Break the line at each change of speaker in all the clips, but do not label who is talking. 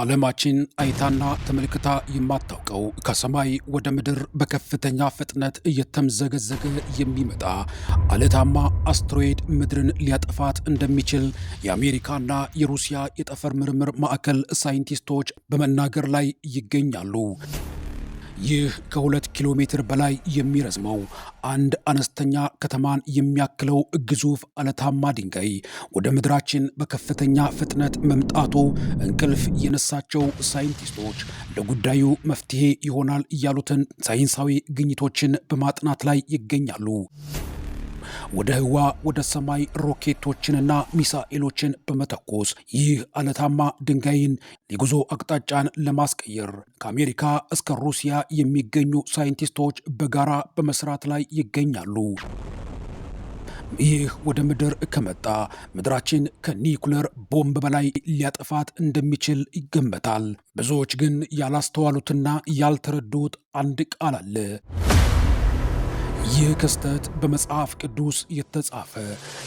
ዓለማችን አይታና ተመልክታ የማታውቀው ከሰማይ ወደ ምድር በከፍተኛ ፍጥነት እየተምዘገዘገ የሚመጣ አለታማ አስትሮይድ ምድርን ሊያጠፋት እንደሚችል የአሜሪካና የሩሲያ የጠፈር ምርምር ማዕከል ሳይንቲስቶች በመናገር ላይ ይገኛሉ። ይህ ከሁለት ኪሎ ሜትር በላይ የሚረዝመው አንድ አነስተኛ ከተማን የሚያክለው ግዙፍ አለታማ ድንጋይ ወደ ምድራችን በከፍተኛ ፍጥነት መምጣቱ እንቅልፍ የነሳቸው ሳይንቲስቶች ለጉዳዩ መፍትሄ ይሆናል እያሉትን ሳይንሳዊ ግኝቶችን በማጥናት ላይ ይገኛሉ። ወደ ህዋ ወደ ሰማይ ሮኬቶችንና ሚሳኤሎችን በመተኮስ ይህ አለታማ ድንጋይን የጉዞ አቅጣጫን ለማስቀየር ከአሜሪካ እስከ ሩሲያ የሚገኙ ሳይንቲስቶች በጋራ በመስራት ላይ ይገኛሉ። ይህ ወደ ምድር ከመጣ ምድራችን ከኒኩለር ቦምብ በላይ ሊያጠፋት እንደሚችል ይገመታል። ብዙዎች ግን ያላስተዋሉትና ያልተረዱት አንድ ቃል አለ። ይህ ክስተት በመጽሐፍ ቅዱስ የተጻፈ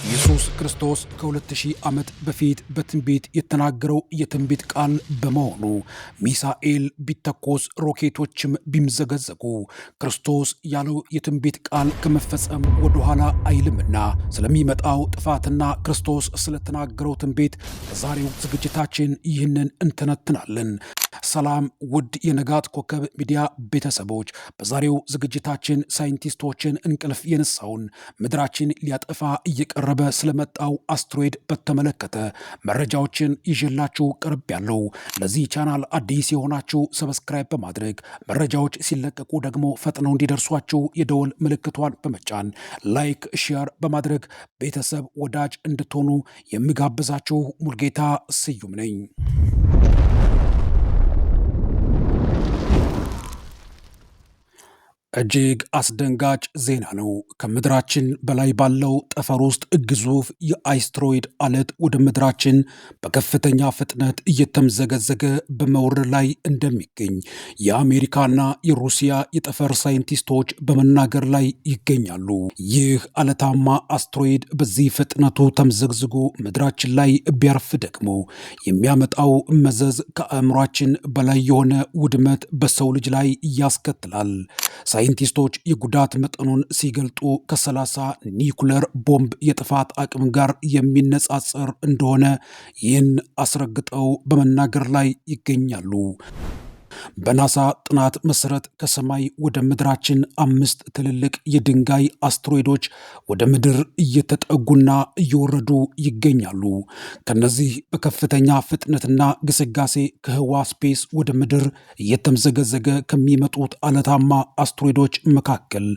ኢየሱስ ክርስቶስ ከ2000 ዓመት በፊት በትንቢት የተናገረው የትንቢት ቃል በመሆኑ ሚሳኤል ቢተኮስ ሮኬቶችም ቢምዘገዘጉ ክርስቶስ ያለው የትንቢት ቃል ከመፈጸም ወደኋላ አይልምና ስለሚመጣው ጥፋትና ክርስቶስ ስለተናገረው ትንቢት በዛሬው ዝግጅታችን ይህንን እንተነትናለን። ሰላም ውድ የንጋት ኮከብ ሚዲያ ቤተሰቦች፣ በዛሬው ዝግጅታችን ሳይንቲስቶችን እንቅልፍ የነሳውን ምድራችን ሊያጠፋ እየቀረበ ስለመጣው አስትሮይድ በተመለከተ መረጃዎችን ይዤላችሁ ቅርብ ያለው። ለዚህ ቻናል አዲስ የሆናችሁ ሰብስክራይብ በማድረግ መረጃዎች ሲለቀቁ ደግሞ ፈጥነው እንዲደርሷችሁ የደወል ምልክቷን በመጫን ላይክ፣ ሼር በማድረግ ቤተሰብ ወዳጅ እንድትሆኑ የሚጋብዛችሁ ሙልጌታ ስዩም ነኝ። እጅግ አስደንጋጭ ዜና ነው። ከምድራችን በላይ ባለው ጠፈር ውስጥ ግዙፍ የአይስትሮይድ አለት ወደ ምድራችን በከፍተኛ ፍጥነት እየተምዘገዘገ በመውረድ ላይ እንደሚገኝ የአሜሪካና የሩሲያ የጠፈር ሳይንቲስቶች በመናገር ላይ ይገኛሉ። ይህ አለታማ አስትሮይድ በዚህ ፍጥነቱ ተምዘግዝጎ ምድራችን ላይ ቢያርፍ ደግሞ የሚያመጣው መዘዝ ከአእምሯችን በላይ የሆነ ውድመት በሰው ልጅ ላይ ያስከትላል። ሳይንቲስቶች የጉዳት መጠኑን ሲገልጡ ከ30 ኒኩለር ቦምብ የጥፋት አቅም ጋር የሚነጻጸር እንደሆነ ይህን አስረግጠው በመናገር ላይ ይገኛሉ። በናሳ ጥናት መሰረት ከሰማይ ወደ ምድራችን አምስት ትልልቅ የድንጋይ አስትሮይዶች ወደ ምድር እየተጠጉና እየወረዱ ይገኛሉ። ከነዚህ በከፍተኛ ፍጥነትና ግስጋሴ ከህዋ ስፔስ ወደ ምድር እየተምዘገዘገ ከሚመጡት አለታማ አስትሮይዶች መካከል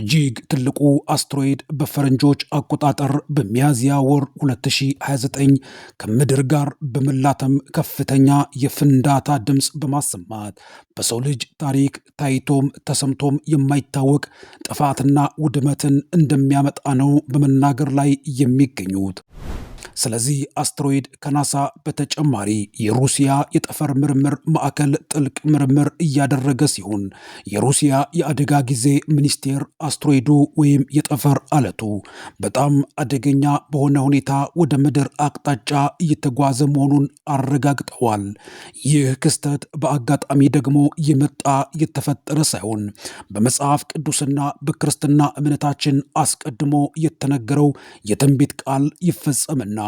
እጅግ ትልቁ አስትሮይድ በፈረንጆች አቆጣጠር በሚያዝያ ወር 2029 ከምድር ጋር በመላተም ከፍተኛ የፍንዳታ ድምፅ በማሰማት ጥፋት በሰው ልጅ ታሪክ ታይቶም ተሰምቶም የማይታወቅ ጥፋትና ውድመትን እንደሚያመጣ ነው በመናገር ላይ የሚገኙት። ስለዚህ አስትሮይድ ከናሳ በተጨማሪ የሩሲያ የጠፈር ምርምር ማዕከል ጥልቅ ምርምር እያደረገ ሲሆን የሩሲያ የአደጋ ጊዜ ሚኒስቴር አስትሮይዱ ወይም የጠፈር አለቱ በጣም አደገኛ በሆነ ሁኔታ ወደ ምድር አቅጣጫ እየተጓዘ መሆኑን አረጋግጠዋል። ይህ ክስተት በአጋጣሚ ደግሞ የመጣ የተፈጠረ ሳይሆን በመጽሐፍ ቅዱስና በክርስትና እምነታችን አስቀድሞ የተነገረው የትንቢት ቃል ይፈጸምና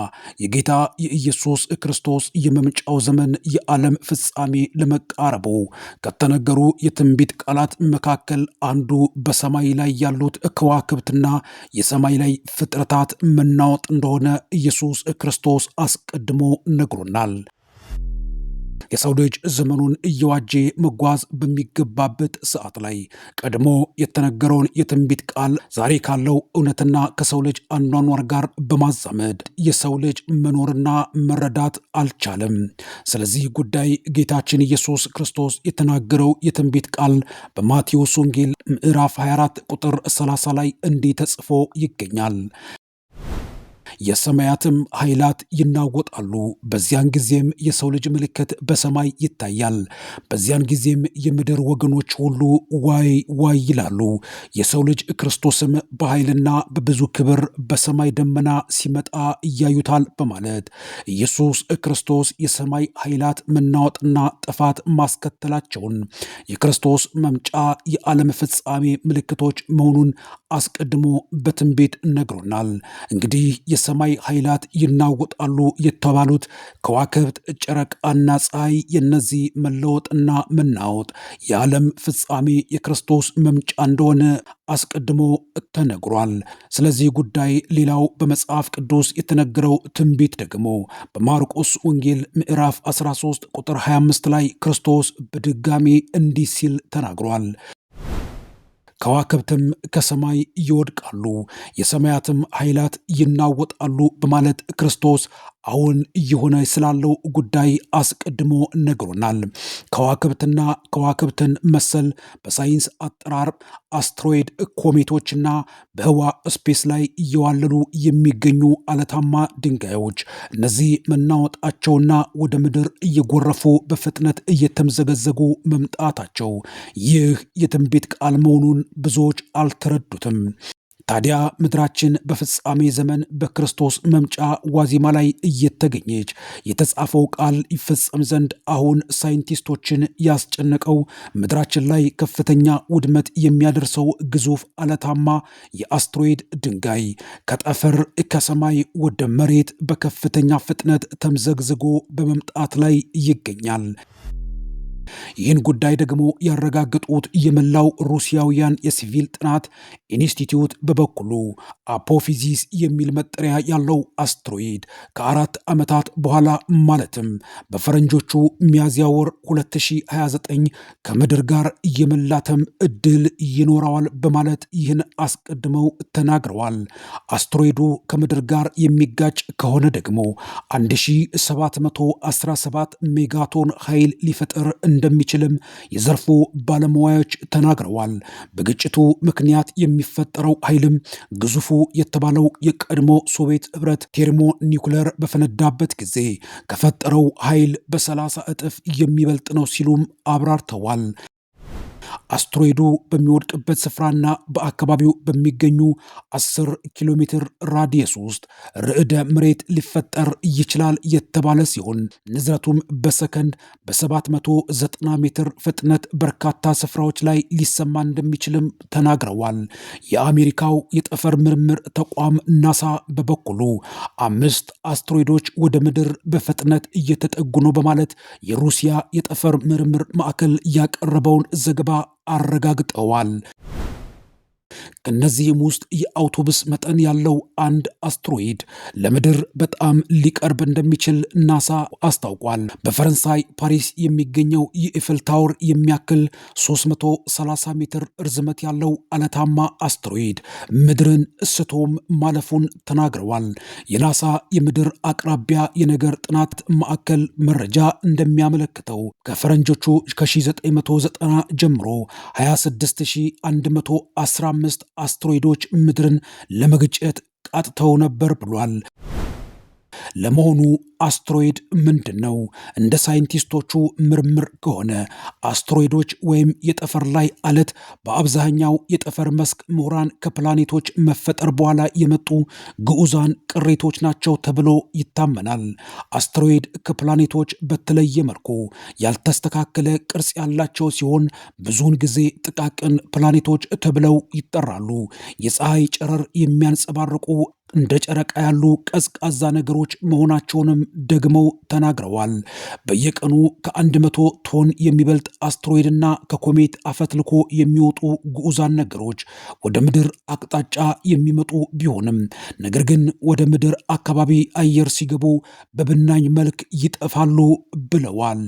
የጌታ የኢየሱስ ክርስቶስ የመምጫው ዘመን የዓለም ፍጻሜ ለመቃረቡ ከተነገሩ የትንቢት ቃላት መካከል አንዱ በሰማይ ላይ ያሉት ከዋክብትና የሰማይ ላይ ፍጥረታት መናወጥ እንደሆነ ኢየሱስ ክርስቶስ አስቀድሞ ነግሮናል። የሰው ልጅ ዘመኑን እየዋጀ መጓዝ በሚገባበት ሰዓት ላይ ቀድሞ የተነገረውን የትንቢት ቃል ዛሬ ካለው እውነትና ከሰው ልጅ አኗኗር ጋር በማዛመድ የሰው ልጅ መኖርና መረዳት አልቻለም። ስለዚህ ጉዳይ ጌታችን ኢየሱስ ክርስቶስ የተናገረው የትንቢት ቃል በማቴዎስ ወንጌል ምዕራፍ 24 ቁጥር 30 ላይ እንዲህ ተጽፎ ይገኛል። የሰማያትም ኃይላት ይናወጣሉ። በዚያን ጊዜም የሰው ልጅ ምልክት በሰማይ ይታያል። በዚያን ጊዜም የምድር ወገኖች ሁሉ ዋይ ዋይ ይላሉ። የሰው ልጅ ክርስቶስም በኃይልና በብዙ ክብር በሰማይ ደመና ሲመጣ እያዩታል በማለት ኢየሱስ ክርስቶስ የሰማይ ኃይላት መናወጥና ጥፋት ማስከተላቸውን የክርስቶስ መምጫ የዓለም ፍጻሜ ምልክቶች መሆኑን አስቀድሞ በትንቢት ነግሮናል። እንግዲህ የሰማይ ኃይላት ይናወጣሉ የተባሉት ከዋክብት፣ ጨረቃና ፀሐይ የነዚህ መለወጥና መናወጥ የዓለም ፍጻሜ የክርስቶስ መምጫ እንደሆነ አስቀድሞ ተነግሯል። ስለዚህ ጉዳይ ሌላው በመጽሐፍ ቅዱስ የተነገረው ትንቢት ደግሞ በማርቆስ ወንጌል ምዕራፍ 13 ቁጥር 25 ላይ ክርስቶስ በድጋሜ እንዲህ ሲል ተናግሯል። ከዋክብትም ከሰማይ ይወድቃሉ፣ የሰማያትም ኃይላት ይናወጣሉ በማለት ክርስቶስ አሁን እየሆነ ስላለው ጉዳይ አስቀድሞ ነግሮናል። ከዋክብትና ከዋክብትን መሰል በሳይንስ አጠራር አስትሮይድ ኮሜቶችና በህዋ ስፔስ ላይ እየዋለሉ የሚገኙ አለታማ ድንጋዮች እነዚህ መናወጣቸውና ወደ ምድር እየጎረፉ በፍጥነት እየተምዘገዘጉ መምጣታቸው ይህ የትንቢት ቃል መሆኑን ብዙዎች አልተረዱትም። ታዲያ ምድራችን በፍጻሜ ዘመን በክርስቶስ መምጫ ዋዜማ ላይ እየተገኘች የተጻፈው ቃል ይፈጸም ዘንድ አሁን ሳይንቲስቶችን ያስጨነቀው ምድራችን ላይ ከፍተኛ ውድመት የሚያደርሰው ግዙፍ አለታማ የአስትሮይድ ድንጋይ ከጠፈር ከሰማይ ወደ መሬት በከፍተኛ ፍጥነት ተምዘግዝጎ በመምጣት ላይ ይገኛል። ይህን ጉዳይ ደግሞ ያረጋገጡት የመላው ሩሲያውያን የሲቪል ጥናት ኢንስቲትዩት በበኩሉ አፖፊዚስ የሚል መጠሪያ ያለው አስትሮይድ ከአራት ዓመታት በኋላ ማለትም በፈረንጆቹ ሚያዝያ ወር 2029 ከምድር ጋር የመላተም እድል ይኖረዋል በማለት ይህን አስቀድመው ተናግረዋል። አስትሮይዱ ከምድር ጋር የሚጋጭ ከሆነ ደግሞ 1717 ሜጋቶን ኃይል ሊፈጥር እንደሚችልም የዘርፉ ባለሙያዎች ተናግረዋል። በግጭቱ ምክንያት የሚፈጠረው ኃይልም ግዙፉ የተባለው የቀድሞ ሶቪየት ህብረት ቴርሞ ኒውክለር በፈነዳበት ጊዜ ከፈጠረው ኃይል በሰላሳ እጥፍ የሚበልጥ ነው ሲሉም አብራርተዋል። አስትሮይዱ በሚወድቅበት ስፍራና በአካባቢው በሚገኙ 10 ኪሎ ሜትር ራዲየስ ውስጥ ርዕደ መሬት ሊፈጠር ይችላል የተባለ ሲሆን ንዝረቱም በሰከንድ በ790 ሜትር ፍጥነት በርካታ ስፍራዎች ላይ ሊሰማ እንደሚችልም ተናግረዋል። የአሜሪካው የጠፈር ምርምር ተቋም ናሳ በበኩሉ አምስት አስትሮይዶች ወደ ምድር በፍጥነት እየተጠጉ ነው በማለት የሩሲያ የጠፈር ምርምር ማዕከል ያቀረበውን ዘገባ አረጋግጠዋል። ከእነዚህም ውስጥ የአውቶቡስ መጠን ያለው አንድ አስትሮይድ ለምድር በጣም ሊቀርብ እንደሚችል ናሳ አስታውቋል። በፈረንሳይ ፓሪስ የሚገኘው የኢፍል ታወር የሚያክል 330 ሜትር እርዝመት ያለው አለታማ አስትሮይድ ምድርን እስቶም ማለፉን ተናግረዋል። የናሳ የምድር አቅራቢያ የነገር ጥናት ማዕከል መረጃ እንደሚያመለክተው ከፈረንጆቹ ከ1990 ጀምሮ 26115 አምስት አስትሮይዶች ምድርን ለመግጨት ቀጥተው ነበር ብሏል። ለመሆኑ አስትሮይድ ምንድን ነው? እንደ ሳይንቲስቶቹ ምርምር ከሆነ አስትሮይዶች ወይም የጠፈር ላይ አለት በአብዛኛው የጠፈር መስክ ምሁራን ከፕላኔቶች መፈጠር በኋላ የመጡ ግዑዛን ቅሪቶች ናቸው ተብሎ ይታመናል። አስትሮይድ ከፕላኔቶች በተለየ መልኩ ያልተስተካከለ ቅርጽ ያላቸው ሲሆን ብዙውን ጊዜ ጥቃቅን ፕላኔቶች ተብለው ይጠራሉ። የፀሐይ ጨረር የሚያንጸባርቁ እንደ ጨረቃ ያሉ ቀዝቃዛ ነገሮች መሆናቸውንም ደግመው ተናግረዋል። በየቀኑ ከአንድ መቶ ቶን የሚበልጥ አስትሮይድና ከኮሜት አፈትልኮ የሚወጡ ግዑዛን ነገሮች ወደ ምድር አቅጣጫ የሚመጡ ቢሆንም ነገር ግን ወደ ምድር አካባቢ አየር ሲገቡ በብናኝ መልክ ይጠፋሉ ብለዋል።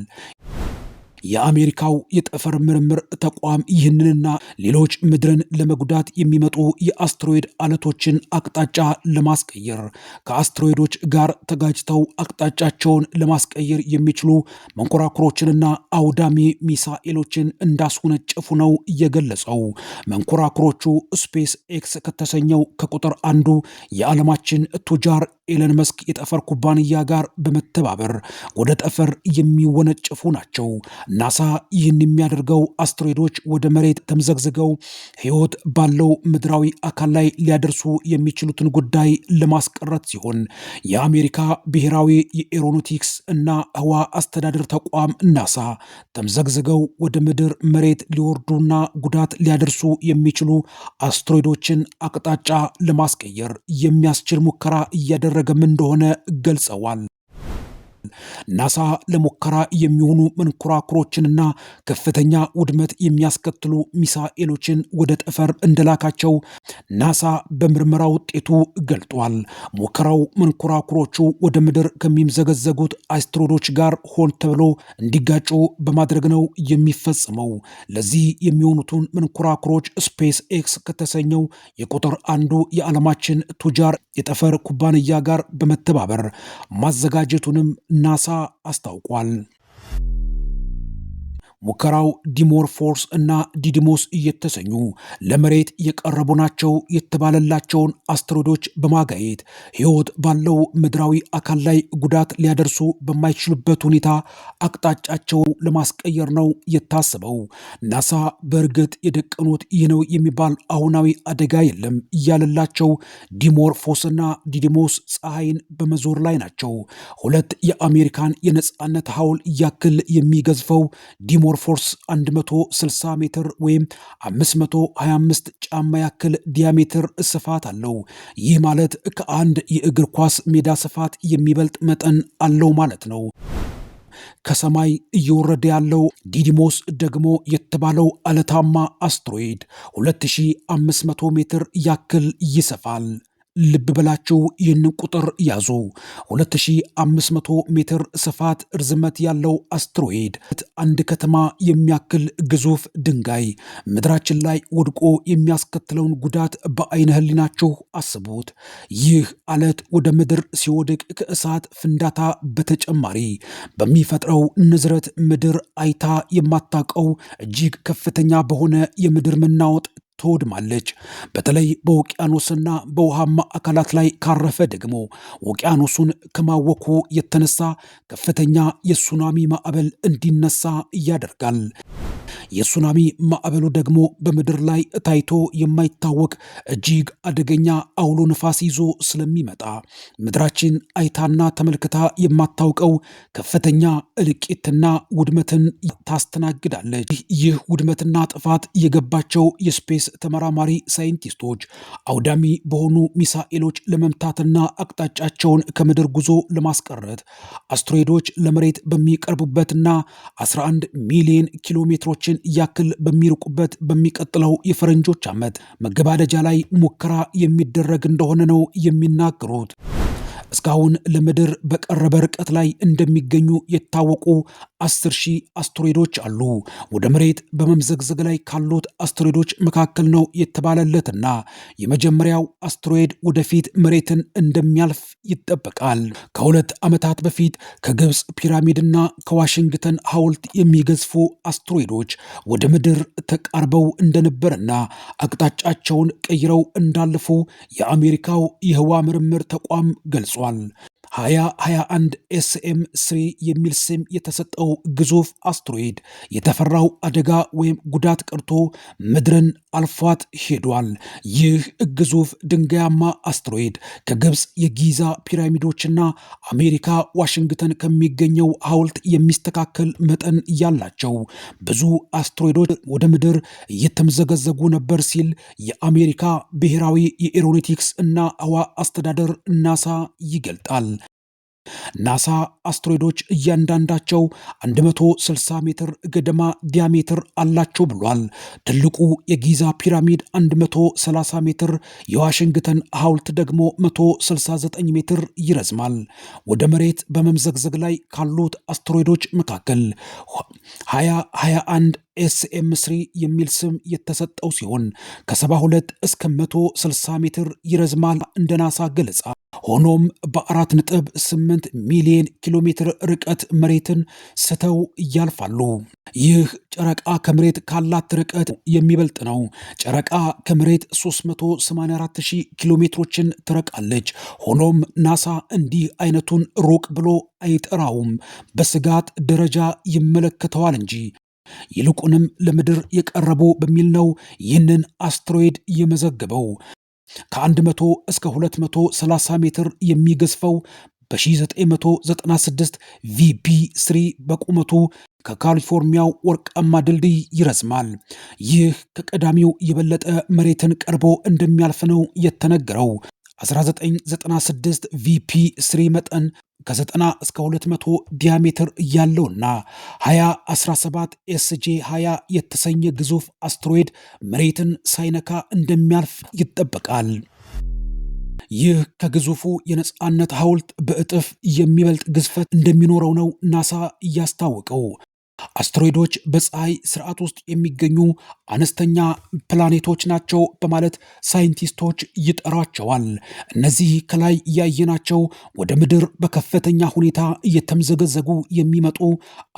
የአሜሪካው የጠፈር ምርምር ተቋም ይህንንና ሌሎች ምድርን ለመጉዳት የሚመጡ የአስትሮይድ አለቶችን አቅጣጫ ለማስቀየር ከአስትሮይዶች ጋር ተጋጅተው አቅጣጫቸውን ለማስቀየር የሚችሉ መንኮራኩሮችንና አውዳሚ ሚሳኤሎችን እንዳስወነጨፉ ነው የገለጸው። መንኮራኩሮቹ ስፔስ ኤክስ ከተሰኘው ከቁጥር አንዱ የዓለማችን ቱጃር ኤለን መስክ የጠፈር ኩባንያ ጋር በመተባበር ወደ ጠፈር የሚወነጨፉ ናቸው። ናሳ ይህን የሚያደርገው አስትሮይዶች ወደ መሬት ተምዘግዝገው ሕይወት ባለው ምድራዊ አካል ላይ ሊያደርሱ የሚችሉትን ጉዳይ ለማስቀረት ሲሆን የአሜሪካ ብሔራዊ የኤሮኖቲክስ እና ህዋ አስተዳደር ተቋም ናሳ ተምዘግዝገው ወደ ምድር መሬት ሊወርዱና ጉዳት ሊያደርሱ የሚችሉ አስትሮይዶችን አቅጣጫ ለማስቀየር የሚያስችል ሙከራ እያደረገ እየተደረገም እንደሆነ ገልጸዋል። ናሳ ለሙከራ የሚሆኑ መንኮራኩሮችንና ከፍተኛ ውድመት የሚያስከትሉ ሚሳኤሎችን ወደ ጠፈር እንደላካቸው ናሳ በምርመራ ውጤቱ ገልጧል። ሙከራው መንኮራኩሮቹ ወደ ምድር ከሚምዘገዘጉት አስትሮዶች ጋር ሆን ተብሎ እንዲጋጩ በማድረግ ነው የሚፈጸመው። ለዚህ የሚሆኑትን መንኮራኩሮች ስፔስ ኤክስ ከተሰኘው የቁጥር አንዱ የዓለማችን ቱጃር የጠፈር ኩባንያ ጋር በመተባበር ማዘጋጀቱንም NASA hasta o ሙከራው ዲሞርፎስ እና ዲድሞስ እየተሰኙ ለመሬት የቀረቡ ናቸው የተባለላቸውን አስትሮዶች በማጋየት ሕይወት ባለው ምድራዊ አካል ላይ ጉዳት ሊያደርሱ በማይችሉበት ሁኔታ አቅጣጫቸው ለማስቀየር ነው የታሰበው። ናሳ በእርግጥ የደቀኑት ይህ ነው የሚባል አሁናዊ አደጋ የለም እያለላቸው ዲሞርፎስና ዲድሞስ ፀሐይን በመዞር ላይ ናቸው። ሁለት የአሜሪካን የነፃነት ሐውል ያክል የሚገዝፈው ዲሞ ሞርፎርስ 160 ሜትር ወይም 525 ጫማ ያክል ዲያሜትር ስፋት አለው። ይህ ማለት ከአንድ የእግር ኳስ ሜዳ ስፋት የሚበልጥ መጠን አለው ማለት ነው። ከሰማይ እየወረደ ያለው ዲዲሞስ ደግሞ የተባለው አለታማ አስትሮይድ 2500 ሜትር ያክል ይሰፋል። ልብ በላችሁ ይህንን ቁጥር ያዙ። 2500 ሜትር ስፋት ርዝመት ያለው አስትሮይድ አንድ ከተማ የሚያክል ግዙፍ ድንጋይ ምድራችን ላይ ወድቆ የሚያስከትለውን ጉዳት በአይነ ህሊናችሁ አስቡት። ይህ አለት ወደ ምድር ሲወድቅ ከእሳት ፍንዳታ በተጨማሪ በሚፈጥረው ንዝረት ምድር አይታ የማታውቀው እጅግ ከፍተኛ በሆነ የምድር መናወጥ ትወድማለች። በተለይ በውቅያኖስና በውሃማ አካላት ላይ ካረፈ ደግሞ ውቅያኖሱን ከማወኩ የተነሳ ከፍተኛ የሱናሚ ማዕበል እንዲነሳ ያደርጋል። የሱናሚ ማዕበሉ ደግሞ በምድር ላይ ታይቶ የማይታወቅ እጅግ አደገኛ አውሎ ነፋስ ይዞ ስለሚመጣ ምድራችን አይታና ተመልክታ የማታውቀው ከፍተኛ እልቂትና ውድመትን ታስተናግዳለች። ይህ ውድመትና ጥፋት የገባቸው የስፔስ ተመራማሪ ሳይንቲስቶች አውዳሚ በሆኑ ሚሳኤሎች ለመምታትና አቅጣጫቸውን ከምድር ጉዞ ለማስቀረት አስትሮይዶች ለመሬት በሚቀርቡበትና 11 ሚሊዮን ኪሎ ሜትሮችን ያክል በሚርቁበት በሚቀጥለው የፈረንጆች ዓመት መገባደጃ ላይ ሙከራ የሚደረግ እንደሆነ ነው የሚናገሩት። እስካሁን ለምድር በቀረበ ርቀት ላይ እንደሚገኙ የታወቁ አስር ሺህ አስትሮይዶች አሉ። ወደ መሬት በመምዘግዘግ ላይ ካሉት አስትሮይዶች መካከል ነው የተባለለትና የመጀመሪያው አስትሮይድ ወደፊት መሬትን እንደሚያልፍ ይጠበቃል። ከሁለት ዓመታት በፊት ከግብፅ ፒራሚድና ከዋሽንግተን ሐውልት የሚገዝፉ አስትሮይዶች ወደ ምድር ተቃርበው እንደነበርና አቅጣጫቸውን ቀይረው እንዳለፉ የአሜሪካው የህዋ ምርምር ተቋም ገልጿል። 2021 ኤስኤም ስሪ የሚል ስም የተሰጠው ግዙፍ አስትሮይድ የተፈራው አደጋ ወይም ጉዳት ቀርቶ ምድርን አልፏት ሄዷል። ይህ ግዙፍ ድንጋያማ አስትሮይድ ከግብፅ የጊዛ ፒራሚዶችና አሜሪካ ዋሽንግተን ከሚገኘው ሐውልት የሚስተካከል መጠን ያላቸው ብዙ አስትሮይዶች ወደ ምድር እየተምዘገዘጉ ነበር ሲል የአሜሪካ ብሔራዊ የኤሮኔቲክስ እና ህዋ አስተዳደር ናሳ ይገልጣል። ናሳ አስትሮይዶች እያንዳንዳቸው 160 ሜትር ገደማ ዲያሜትር አላቸው ብሏል። ትልቁ የጊዛ ፒራሚድ 130 ሜትር፣ የዋሽንግተን ሐውልት ደግሞ 169 ሜትር ይረዝማል። ወደ መሬት በመምዘግዘግ ላይ ካሉት አስትሮይዶች መካከል 2021 ኤስኤም ስሪ የሚል ስም የተሰጠው ሲሆን ከ72 እስከ 160 ሜትር ይረዝማል እንደ ናሳ ገለጻ ሆኖም በአራት ነጥብ ስምንት ሚሊዮን ኪሎ ሜትር ርቀት መሬትን ስተው ያልፋሉ። ይህ ጨረቃ ከመሬት ካላት ርቀት የሚበልጥ ነው። ጨረቃ ከመሬት 384000 ኪሎ ሜትሮችን ትረቃለች። ሆኖም ናሳ እንዲህ አይነቱን ሩቅ ብሎ አይጠራውም፣ በስጋት ደረጃ ይመለከተዋል እንጂ ይልቁንም ለምድር የቀረቡ በሚል ነው ይህንን አስትሮይድ የመዘገበው። ከ100 እስከ 230 ሜትር የሚገዝፈው በ1996 ቪፒ 3 በቁመቱ ከካሊፎርኒያው ወርቃማ ድልድይ ይረዝማል። ይህ ከቀዳሚው የበለጠ መሬትን ቀርቦ እንደሚያልፍ ነው የተነገረው። 1996 ቪፒ ስሪ መጠን ከ90 እስከ 200 ዲያሜትር ያለውና 2017 ኤስጄ 20 የተሰኘ ግዙፍ አስትሮይድ መሬትን ሳይነካ እንደሚያልፍ ይጠበቃል። ይህ ከግዙፉ የነፃነት ሐውልት በእጥፍ የሚበልጥ ግዝፈት እንደሚኖረው ነው ናሳ እያስታወቀው። አስትሮይዶች በፀሐይ ስርዓት ውስጥ የሚገኙ አነስተኛ ፕላኔቶች ናቸው በማለት ሳይንቲስቶች ይጠሯቸዋል። እነዚህ ከላይ ያየናቸው ወደ ምድር በከፍተኛ ሁኔታ እየተምዘገዘጉ የሚመጡ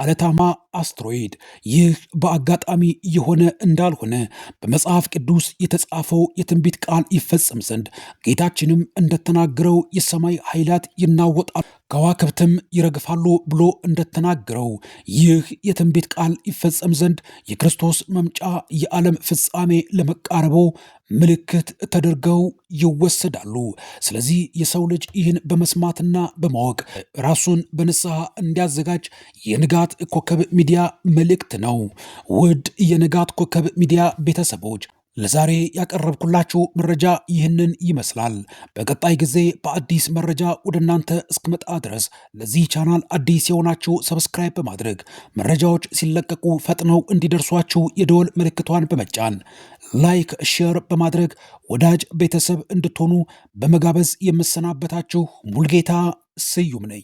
አለታማ አስትሮይድ፣ ይህ በአጋጣሚ የሆነ እንዳልሆነ በመጽሐፍ ቅዱስ የተጻፈው የትንቢት ቃል ይፈጸም ዘንድ ጌታችንም እንደተናገረው የሰማይ ኃይላት ይናወጣል ከዋክብትም ይረግፋሉ ብሎ እንደተናገረው ይህ የትንቢት ቃል ይፈጸም ዘንድ የክርስቶስ መምጫ የዓለም ፍጻሜ ለመቃረቡ ምልክት ተደርገው ይወሰዳሉ። ስለዚህ የሰው ልጅ ይህን በመስማትና በማወቅ ራሱን በንስሐ እንዲያዘጋጅ የንጋት ኮከብ ሚዲያ መልእክት ነው። ውድ የንጋት ኮከብ ሚዲያ ቤተሰቦች ለዛሬ ያቀረብኩላችሁ መረጃ ይህንን ይመስላል። በቀጣይ ጊዜ በአዲስ መረጃ ወደ እናንተ እስክመጣ ድረስ ለዚህ ቻናል አዲስ የሆናችሁ ሰብስክራይብ በማድረግ መረጃዎች ሲለቀቁ ፈጥነው እንዲደርሷችሁ የደወል ምልክቷን በመጫን ላይክ፣ ሼር በማድረግ ወዳጅ ቤተሰብ እንድትሆኑ በመጋበዝ የምሰናበታችሁ ሙልጌታ ስዩም ነኝ።